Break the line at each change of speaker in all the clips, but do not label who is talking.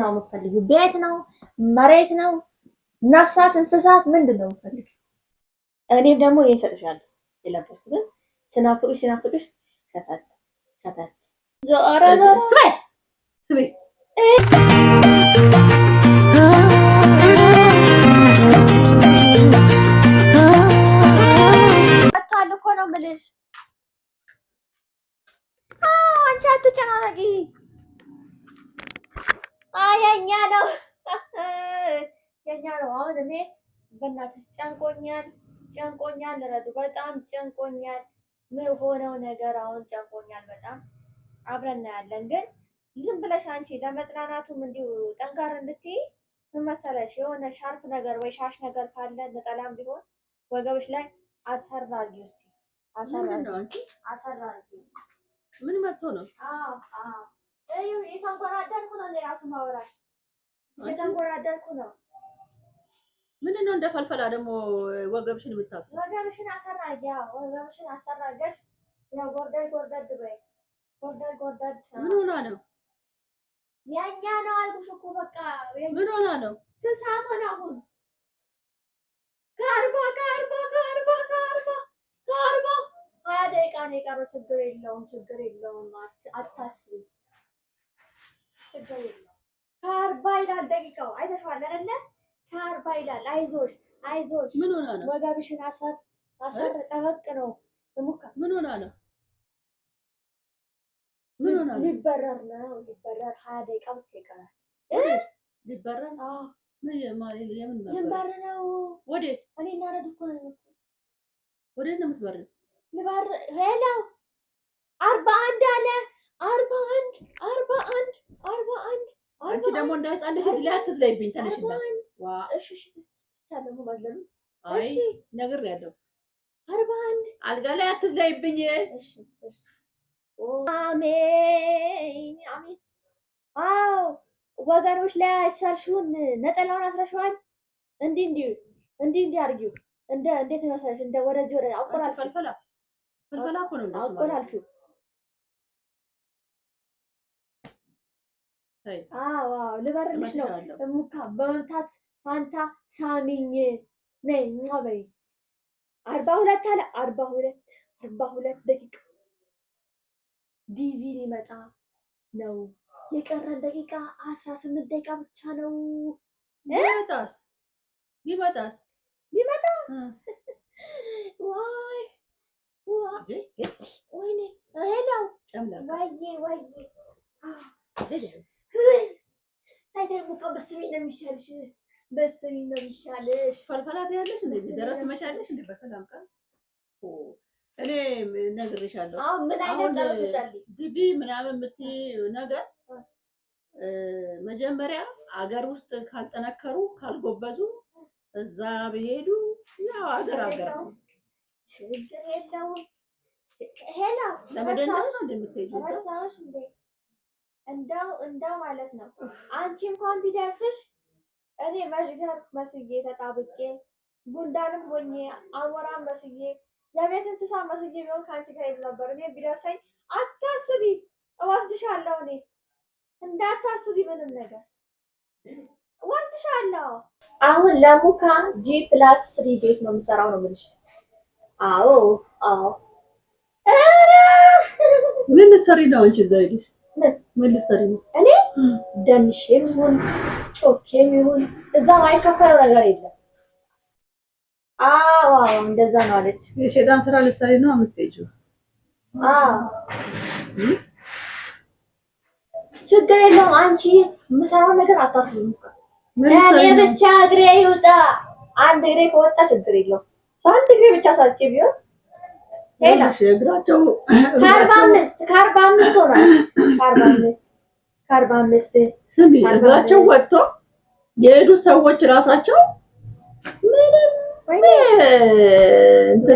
ነው የምትፈልጊው? ቤት ነው? መሬት ነው? ነፍሳት፣ እንስሳት ምንድን ነው የምትፈልጊው? እኔም ደግሞ ይህን ሰጥሻለሁ። የለበስኩትን ስናፍቅሽ ስናፍቅሽ ከታት ከታት ዞረ ዞረ ስበይ ስበይ አትጨናነቂ የኛ ነው የኛ ነው። አሁን እኔ በእናትሽ ጨንቆኛል፣ ጨንቆኛል፣ ረዱ በጣም ጨንቆኛል። ምን ሆነው ነገር አሁን ጨንቆኛል በጣም አብረን እናያለን። ግን ዝም ብለሽ አንቺ ለመጽናናቱም እንዲሁ ጠንካራ እንድትይ ምን መሰለሽ የሆነ ሻርፕ ነገር ወይ ሻሽ ነገር ካለ ነጠላም ቢሆን ወገብሽ ላይ አሰራጊ ምን መጥቶ ነው? አዎ አዎ የተንጎራደርኩ ነው የራሱ ማውራት የተንጎራደርኩ ነው።
ምንድን ነው እንደ ፈልፈላ ደግሞ ወገብሽን የምታስ
ወገብሽን አሰራጊ ወገብሽን አሰራገሽ ጎርደድ ጎርደድ በይ ጎርደድ ጎርደድ። ምን ሆና ነው ያኛ ነው አልኩሽ እኮ በቃ ምን ሆና ነው? ስንት ሆነ አሁን? ከአርባ ከአርባ ከአርባ ከአርባ ከአርባ ሀያ ደቂቃ ነው የቀረው። ችግር የለውም ችግር የለውም አታስቢ ችግር የለውም። ከአርባ ይላል ደቂቃው አይተሽዋል አይደለ? ከአርባ ይላል። አይዞሽ አይዞሽ። ምን ሆና ነው? ወገብሽን አሰር አሰር ጠበቅ ነው።
ምን ሆና ነው? ምን ሆና
ነው? ሊበረር ነው። ሊበረር ሀያ ደቂቃ ብቻ ይቀራል። ሊበረር ልንበር ነው። ወዴት? እኔ እናረድ እኮ ነው።
ወዴት ነው የምትበረው?
ልበር ሄሎ አርባ አንድ አለ አርባ አንድ አርባ አንድ አርባ አንድ
አንቺ ደግሞ እንደ ህፃን ልጅ እዚህ ላይ አትዝለይብኝ። ትንሽ አይ ነግሬያለሁ። አርባ አንድ አልጋ ላይ አትዝለይብኝ።
አሜን አሜን። አዎ ወገኖች ላይ አይሰርሽውን ነጠላውን አስረሽዋል። እንዲህ እንዲህ እንዲህ እንዲህ አድርጊው። እንደ እንዴት ነው ሰርሽ? እንደ ወደዚህ ወደ አቆላልፊው አቆላልፊው ልበርልሽ ነው ሙካ በመምታት ፋንታ ሳሚኝ ነይ በይ። አርባ ሁለት አለ አርባ ሁለት አርባ ሁለት ደቂቃ ዲቪ ሊመጣ ነው። የቀረን ደቂቃ አስራ ስምንት ደቂቃ ብቻ ነው።
ቢመጣስ ቢመጣስ
ቢመጣ ዋይ ወይኔ ሄለው ወይዬ ወይዬ በስሚ ነው የሚሻልሽ፣ በስሚ ነው የሚሻልሽ።
ፈልፈላ ታያለሽ፣ እንዴ ደረት መቻለሽ። እንዴ በሰላም ቃል እኔ ነግሬሻለሁ።
አሁን ምን አይነት ጸሎት ትጸልይ
ግቢ ምናምን የምትይ ነገር መጀመሪያ አገር ውስጥ ካልጠነከሩ ካልጎበዙ እዛ ብሄዱ ያው አገር አገር ነው።
ችግር የለውም ሄላ
ለመደነስ ነው እንደምትሄጂው
እንደው እንደው ማለት ነው አንቺ እንኳን ቢደርስሽ እኔ መዥገር መስዬ ተጣብቄ ጉንዳንም ሆኜ አሞራን መስዬ የቤት እንስሳ መስዬ ቢሆን ከአንቺ ጋር ሄድ ነበር። እኔ ቢደርሰኝ አታስቢ፣ እወስድሻለሁ። እኔ እንዳታስቢ ምንም ነገር እወስድሻለሁ። አሁን ለሙካ ጂ ፕላስ ስሪ ቤት ነው የምሰራው ነው የምልሽ። አዎ አዎ።
ምን ስሪ ነው አንቺ እዛ ምን እኔ
ደንሼም ይሁን ጮኬም ይሁን እዛ ማይከፈል ነገር የለም። አዎ እንደዛ ነው አለች።
የሸጣን ስራ ልትሰሪ ነው የምትሄጂው?
ችግር የለውም። አንቺ የምሰራው ነገር አታስብም። እኔ ብቻ እግሬ ይውጣ። አንድ እግሬ ከወጣ ችግር የለውም። በአንድ እግሬ ብቻ ሳልቼ ቢሆን እግራቸው ከአርባ አምስት ከአርባ አምስት ሆኗል። ከአርባ አምስት ከአርባ አምስት
ስሚ እግራቸው ወጥቶ የሄዱ ሰዎች ራሳቸው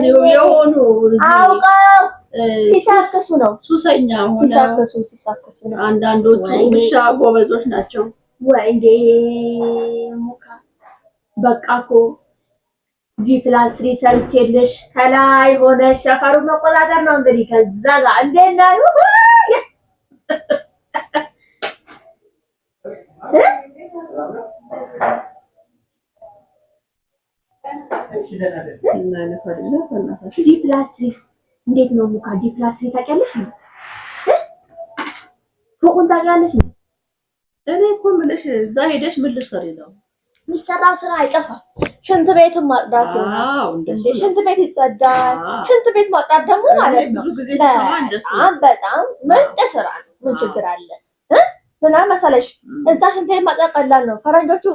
የሆኑ
አውቀው ነው። ሱሰኛ ሲሳክሱ ሲሳክሱ
ነው። አንዳንዶቹ ብቻ ጎበዞች ናቸው
ወይ እንደ ሙካ በቃ እኮ ጂፕላስ ሰርቼልሽ ከላይ ሆነ ሰፈሩን መቆጣጠር ነው እንግዲህ። ከዛ ጋር እንዴት ናሉ ጂፕላስ እንዴት ነው ሙካ? ጂፕላስ ታውቂያለሽ ነው ፎቁን ታውቂያለሽ ነው?
እኔ እኮ የምልሽ እዛ ሄደሽ ምን ልትሰሪ ነው?
የሚሰራው ስራ አይጠፋም። ሽንት ቤትን ማጽዳት ይሆናል። ሽንት ቤት ይጸዳል። ሽንት ቤት ማጽዳት ደግሞ ማለት ነው በጣም በጣም ምርጥ ስራ ነው። ምን ችግር አለ? ምናምን መሰለሽ እዛ ሽንት ቤት ማጽዳት ቀላል ነው። ፈረንጆቹ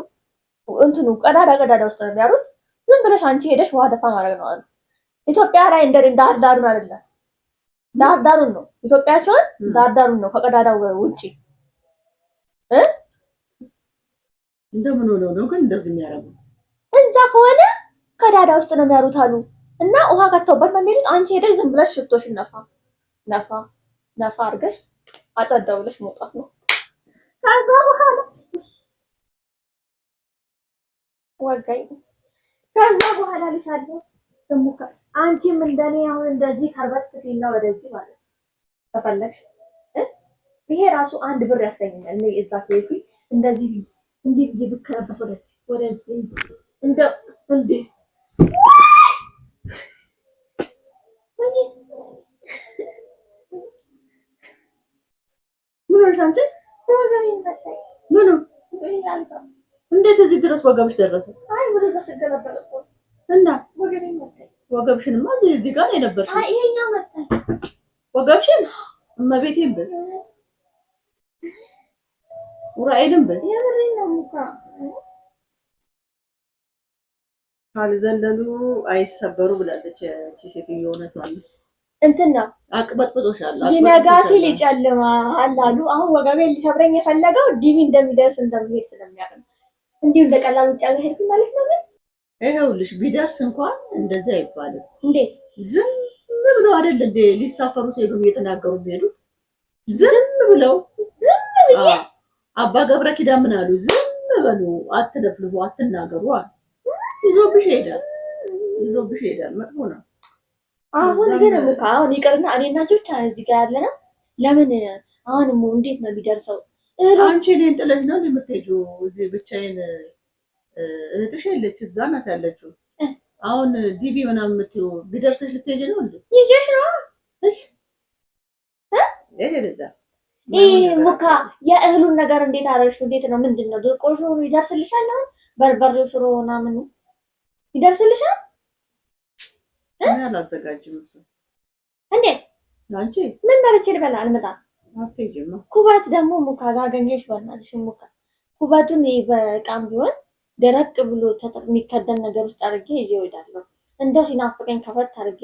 እንትኑ ቀዳዳ ቀዳዳ ውስጥ ነው የሚያሩት። ዝም ብለሽ አንቺ ሄደሽ ውሃ ደፋ ማድረግ ነው አሉ። ኢትዮጵያ ላይ እንደ ዳር ዳሩን አይደለም ዳር ነው ኢትዮጵያ ሲሆን ዳር ነው ከቀዳዳው ውጪ እንደምን ሆነው ነው ግን እንደዚህ የሚያደርጉት? እዛ ከሆነ ከዳዳ ውስጥ ነው የሚያሩት አሉ እና ውሃ ከተውበት መንገድ አንቺ ሄደሽ ዝም ብለሽ ሽቶሽ ነፋ ነፋ ነፋ አድርገሽ አጸዳ ብለሽ መውጣት ነው። ከዛ በኋላ ወጋይ ከዛ በኋላ ልሻለሁ ደሞካ አንቺም እንደኔ አሁን እንደዚህ ከርበት ትልና ወደዚህ ማለት ተፈለግሽ ይሄ ራሱ አንድ ብር ያስገኘኛል እዛ ከሄድኩኝ እንደዚህ እንዴት እየብከረበት ወደዚህ ወደዚህ እንደ እንዴ ምን ሆነሽ አንቺ? ምኑ እንዴት እዚህ ድረስ ወገብሽ ደረሰ? አይ ወደዛ እና ወገብሽንማ እዚህ ጋር ነው አይ ይሄኛው መጣ ወገብሽን እመቤቴን በል ኡራኤልን በል ካልዘለሉ አይሰበሩ ብላለች። እቺ ሴትዮ እውነት ማለት እንትን ነው። አቅበጥብጦሻል። ይነጋ ሲል ይጨልማል አሉ። አሁን ወገቤ ሊሰብረኝ የፈለገው ዲቪ እንደሚደርስ እንደሚሄድ ስለሚያውቅ ነው። እንዲሁ እንደቀላሉ ጫለ ሄድኩ ማለት ነው። ግን ይኸውልሽ ቢደርስ እንኳን እንደዚህ አይባልም። እንዴ ዝም ብለው አይደል እንዴ ሊሳፈሩ ሲሄዱ እየተናገሩ የሚሄዱት ዝም ብለው ዝም ብዬ አባ ገብረ ኪዳ ምን አሉ? ዝም በሉ፣ አትለፍልፉ፣ አትናገሩ አሉ። ይዞብሽ ይሄዳል፣ ይዞብሽ ይሄዳል። መጥፎ ነው። አሁን ግን ሙካ አሁን ይቀርና እኔ እና ብቻ እዚህ ጋር ያለና ለምን አሁን ሙ እንዴት ነው የሚደርሰው? አንቺ እኔን ጥለሽ ነው የምትሄጂው? እዚህ ብቻዬን እህትሽ የለች እዛ ናት ያለችው። አሁን ዲቪ ምናምን የምትይው ቢደርሰሽ ልትሄጂ ነው እንዴ? ይዤሽ ነው እሺ፣ እ እሄ ለዛ ሙካ የእህሉን ነገር እንዴት አረሹ? እንዴት ነው? ምንድን ነው? ቆሾ ይደርስልሻል? አሁን በርበሬው ሽሮ ምናምን ይደርስልሻል? አላዘጋጅም። እንዴት ምን በልቼ ልበላ? አልመጣም። ኩባት ደግሞ ሙካ ጋገኘሽ በናትሽ ሙካ ኩባቱን በቃም ቢሆን ደረቅ ብሎ የሚከደን ነገር ውስጥ አድርጌ ይዤ እሄዳለሁ። እንደው ሲናፍቀኝ ከፈት አድርጌ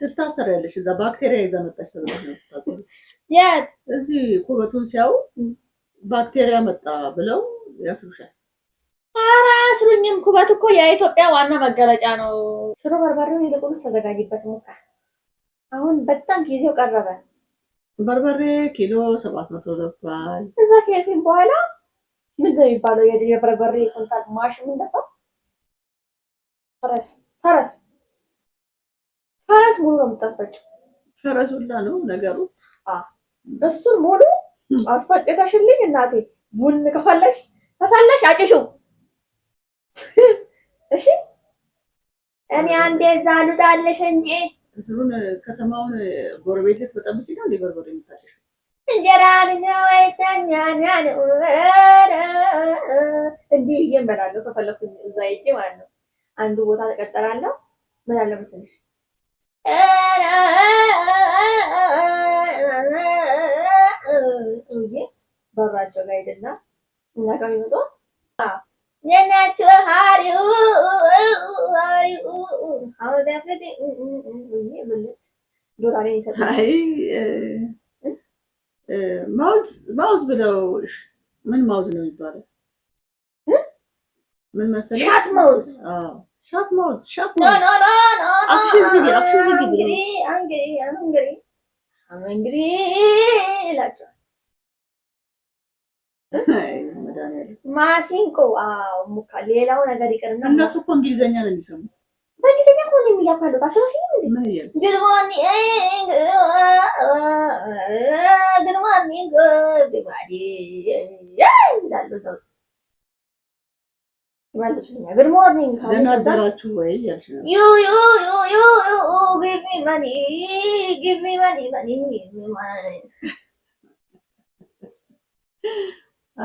ትታሰሪያለሽ። እዛ ባክቴሪያ ይዛ መጣች ተብላ የት እዚህ ኩበቱን ሲያዩ ባክቴሪያ መጣ ብለው ያስሩሻል። ኧረ አያስሩኝም። ኩበት እኮ የኢትዮጵያ ዋና መገለጫ ነው። ሽሮ በርበሬው ይልቁንስ ተዘጋጅበት ሞቃ። አሁን በጣም ጊዜው ቀረበ። በርበሬ ኪሎ ሰባት መቶ ገብቷል። እዛ ከሄድን በኋላ ምንድን ነው የሚባለው የበርበሬ ኮንታል ማሽ ምንደፋ ፈረስ ፈረስ ፈረስ ሙሉ ነው የምታስፈጭው። ፈረሱላ ነው ነገሩ። እሱን ሙሉ አስፈጭተሽልኝ እናቴ ቡን ከፈለሽ ከፈለሽ አጭሹ እሺ እኔ አንዴ እዛ ልውጣልሽ እንጂ እንትኑን ከተማውን ጎረቤት ልትበጠብጪ ነው እንዴ? በርበሬ የምታጭሺው እንጀራ ነው አይተኛ ነው እንዲህ ብዬሽ እምበላለሁ። ከፈለኩኝ እዛ ሂጅ ማለት ነው። አንዱ ቦታ ተቀጠራለሁ። ምን አለ መሰለሽ አባታቸው ጋር ሄድና እና ጋር ይመጣ የናችሁ ሀሪው ሀሪው አሁን ያፈደ ዶላር ይሰጣል። ማውዝ ማውዝ ብለውሽ ምን ማውዝ ነው የሚባለው? ምን መሰለኝ ሻት ማውዝ። ሻት ማውዝ ሻት ማውዝ። ማሲንቆ ሙካ ሌላው ነገር ይቅርና እነሱ እኮ እንግሊዘኛ ነው የሚሰሙት። በእንግሊዘኛ እኮ የሚያካሉት። አስራ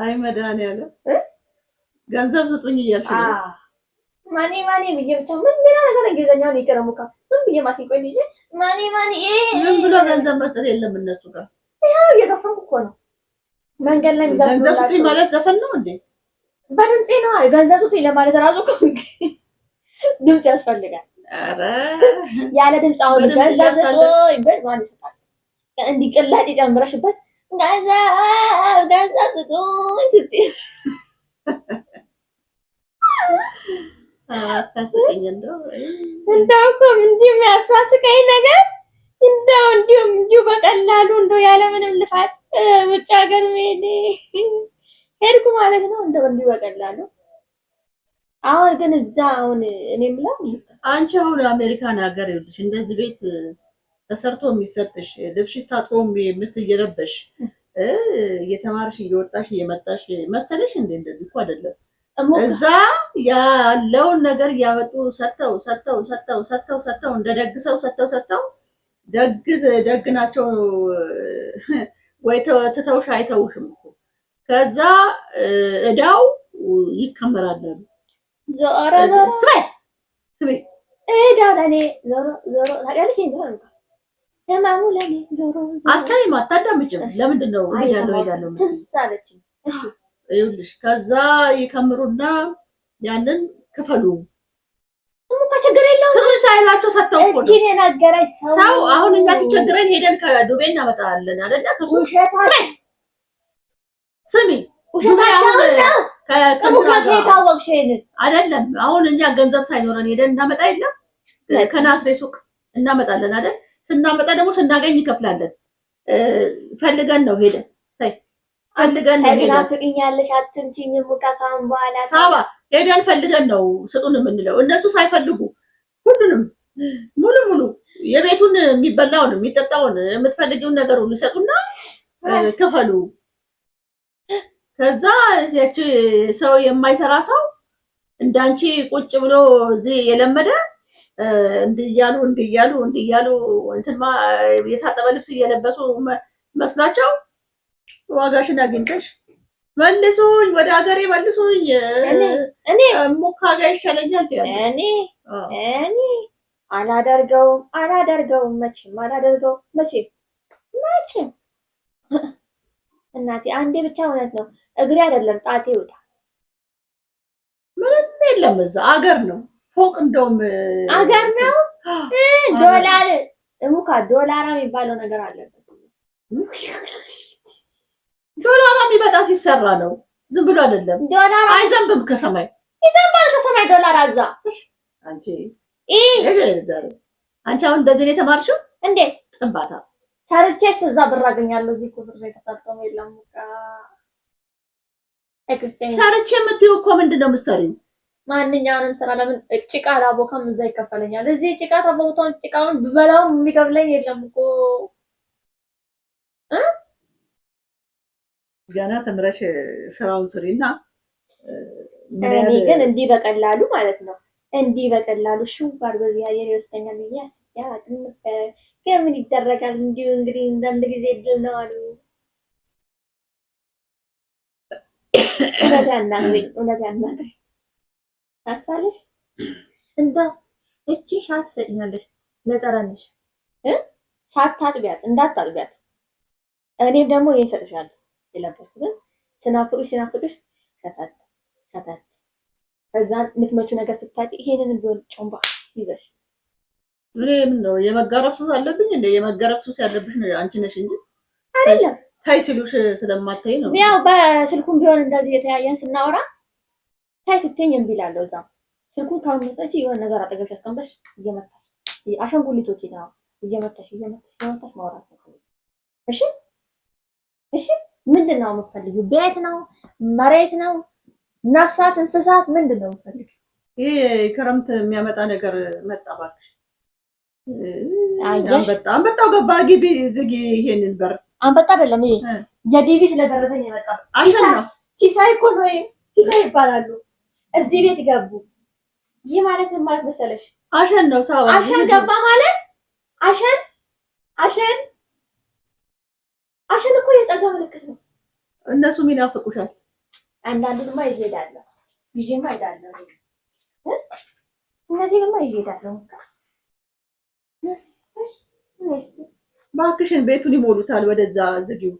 አይ መድኃኒዓለም ገንዘብ ስጡኝ እያልሽ ማኒ ማኒ ብዬ ብቻ ምን ሌላ ነገር እንግሊዘኛውን ይቅረሙ እኮ ዝም ብዬ ማሲንቆ ይዤ ማኒ ማኔ ዝም ብሎ ገንዘብ መስጠት የለም እነሱ ጋር። ያው እየዘፈንኩ እኮ ነው መንገድ ላይ የሚዘፍኑ ገንዘብ ስጡኝ ማለት ዘፈን ነው እንዴ? በድምፄ ነው አይ ገንዘብ ስጡኝ ለማለት ራሱ እኮ ድምፅ ያስፈልጋል። ኧረ ያለ ድምፅ አሁን ገንዘብ ስጡኝ ብል ማን ይሰጣል? እንዲህ ቅላጭ ጨምረሽበት ገንዘብ ገንዘብ ስጡኝ ስትይ አታስቀኝ። እንደው እንደው እኮ እንዲሁ የሚያሳስቀኝ ነገር እንደው እንዲሁም እንዲሁ በቀላሉ እንደው ያለምንም ልፋት ውጭ ሀገር መሄድ ሄድኩ ማለት ነው። እንደው እንዲሁ በቀላሉ አሁን ግን እዛ አሁን እኔ የምለው አንቺ አሁን አሜሪካን ሀገር ይኸውልሽ እንደዚህ ቤት ተሰርቶ የሚሰጥሽ ልብስሽ ታጥቦ የምትየለበሽ እየተማርሽ እየወጣሽ እየመጣሽ መሰለሽ እንዴ? እንደዚህ እኮ አይደለም። እዛ ያለውን ነገር እያመጡ ሰጥተው ሰጥተው ሰጥተው ሰጥተው ሰጥተው እንደደግሰው ሰው ሰጥተው ሰጥተው ደግ ደግ ናቸው ወይ ትተውሽ አይተውሽም እኮ ከዛ እዳው ይከመራል አሉ። ዞሮ ዞሮ ዞሮ ዞሮ ታውቂያለሽ ዞሮ ህመሙ ለኔ ዞሮ አሰሪማ አታዳምጪም። ለምንድን ነው እሄዳለሁ እሄዳለሁ ትዝ አለችኝ። እሺ ይኸውልሽ፣ ከዛ ይከምሩና ያንን ክፈሉ ችግር የለውም። ስሩ ሳይላቸው ሰጥተው እኮ ነው እኔ ነገረኝ። ሰው አሁን እኛ ሲቸግረን ሄደን ከዱቤ እናመጣለን አይደለ? ከሱ ስሚ አይደለም አሁን እኛ ገንዘብ ሳይኖረን ሄደን እናመጣ የለም ከናስሬ ሱቅ እናመጣለን አይደል? ስናመጣ ደግሞ ስናገኝ ይከፍላለን። ፈልገን ነው ሄደን ፈልገን ነው ሳባ ሄደን ፈልገን ነው ስጡን የምንለው። እነሱ ሳይፈልጉ ሁሉንም ሙሉ ሙሉ የቤቱን የሚበላውን የሚጠጣውን የምትፈልጊውን ነገር ሁሉ ይሰጡና ክፈሉ። ከዛ ሰው የማይሰራ ሰው እንዳንቺ ቁጭ ብሎ እዚህ የለመደ እንዲያሉ እንዲያሉ እንዲያሉ እንትን የታጠበ ልብስ እየለበሱ መስላቸው ዋጋሽን አግኝተሽ መልሱኝ፣ ወደ ሀገሬ መልሱኝ፣ እኔ ሙካ ጋር ይሻለኛል እኔ እኔ አላደርገውም አላደርገውም መቼም አላደርገውም መቼም መቼም። እናቴ አንዴ ብቻ እውነት ነው እግሬ አይደለም ጣቴ ይውጣ። ምንም የለም እዛ አገር ነው ፎቅ እንደውም አገር ነው ዶላር እሙካ ዶላራ የሚባለው ነገር አለበት። ዶላራ የሚመጣ ሲሰራ ነው፣ ዝም ብሎ አይደለም። ዶላራ አይዘንብም ከሰማይ ይዘንባል ከሰማይ ዶላር አዛ አንቺ አንቺ አሁን እንደዚህ ነው የተማርሽው እንዴ? ጥንባታ ሰርቼስ እዛ ብር አገኛለሁ። እዚህ ኩፍር ላይ ተሰርቶም የለም ሰርቼ የምትይው እኮ ምንድን ነው የምትሰሪው? ማንኛውንም ስራ ለምን ጭቃ ላቦካም እዛ ይከፈለኛል። እዚህ ጭቃ ታቦታውን ጭቃውን ብበላውም የሚከፍለኝ የለም እኮ ገና ተምረሽ ስራውን ስሪና። እኔ ግን እንዲህ በቀላሉ ማለት ነው እንዲህ በቀላሉ ሽው ጋር በዚህ አየር ይወስደኛል ብዬ አስቤ አላውቅም ነበረ። ግን ምን ይደረጋል እንዲሁ እንግዲህ እንደምን ጊዜ ድል ነው አሉ። እውነት ያናግረኝ፣ እውነት ያናግረኝ። ታሳለሽ እንደ እቺ ሻት ሰጭኛለሽ ለጠረንሽ እ ሳታጥቢያት እንዳታጥቢያት እኔም ደግሞ ይሄን ሰጥሻለሁ። የለበስኩትን ስናፍቅሽ ስናፍቅሽ ከተት ከተት ከዛ የምትመጪው ነገር ስታቂ ይሄንን ቢሆን ጮምባ ይዘሽ ምንም ነው የመጋረፍ ሱስ አለብኝ እንደ የመጋረፍ ሱስ ያለብሽ አንቺ ነሽ እንጂ አይደለም። ታይ ሲሉሽ ስለማታይ ነው ያው በስልኩም ቢሆን እንደዚህ የተያየን ስናወራ ታይ ስትይኝ እምቢ እላለሁ። እዛም ስልኩን ካልመሰለች የሆነ ነገር አጠገብሽ አስቀምጠሽ እየመታሽ አሻንጉሊቶች ነው እየመታሽ እየመታሽ እየመታሽ ማውራት ነው። እሺ እሺ፣ ምንድን ነው የምትፈልጊው? ቤት ነው መሬት ነው ነፍሳት እንስሳት ምንድን ነው የምትፈልጊው? ይሄ ክረምት የሚያመጣ ነገር መጣ እባክሽ። አንበጣ አንበጣው ገባ። ግቢ ዝጊ ይሄንን በር። አንበጣ አይደለም ይሄ የዲቪ ስለደረሰኝ የመጣ ሲሳይ እኮ ነው። ሲሳይ ይባላሉ እዚህ ቤት ገቡ። ይህ ማለት ምን ማለት መሰለሽ? አሸን ነው ሳባ። አሸን ገባ ማለት አሸን አሸን አሸን እኮ የጸጋ ምልክት ነው። እነሱም ይናፍቁሻል። አንዳንዱንማ ይዤ እሄዳለሁ። ይዤማ እሄዳለሁ። እነዚህንማ ይዤ እሄዳለሁ። እባክሽን ቤቱን ይሞሉታል። ወደዛ ዝጊው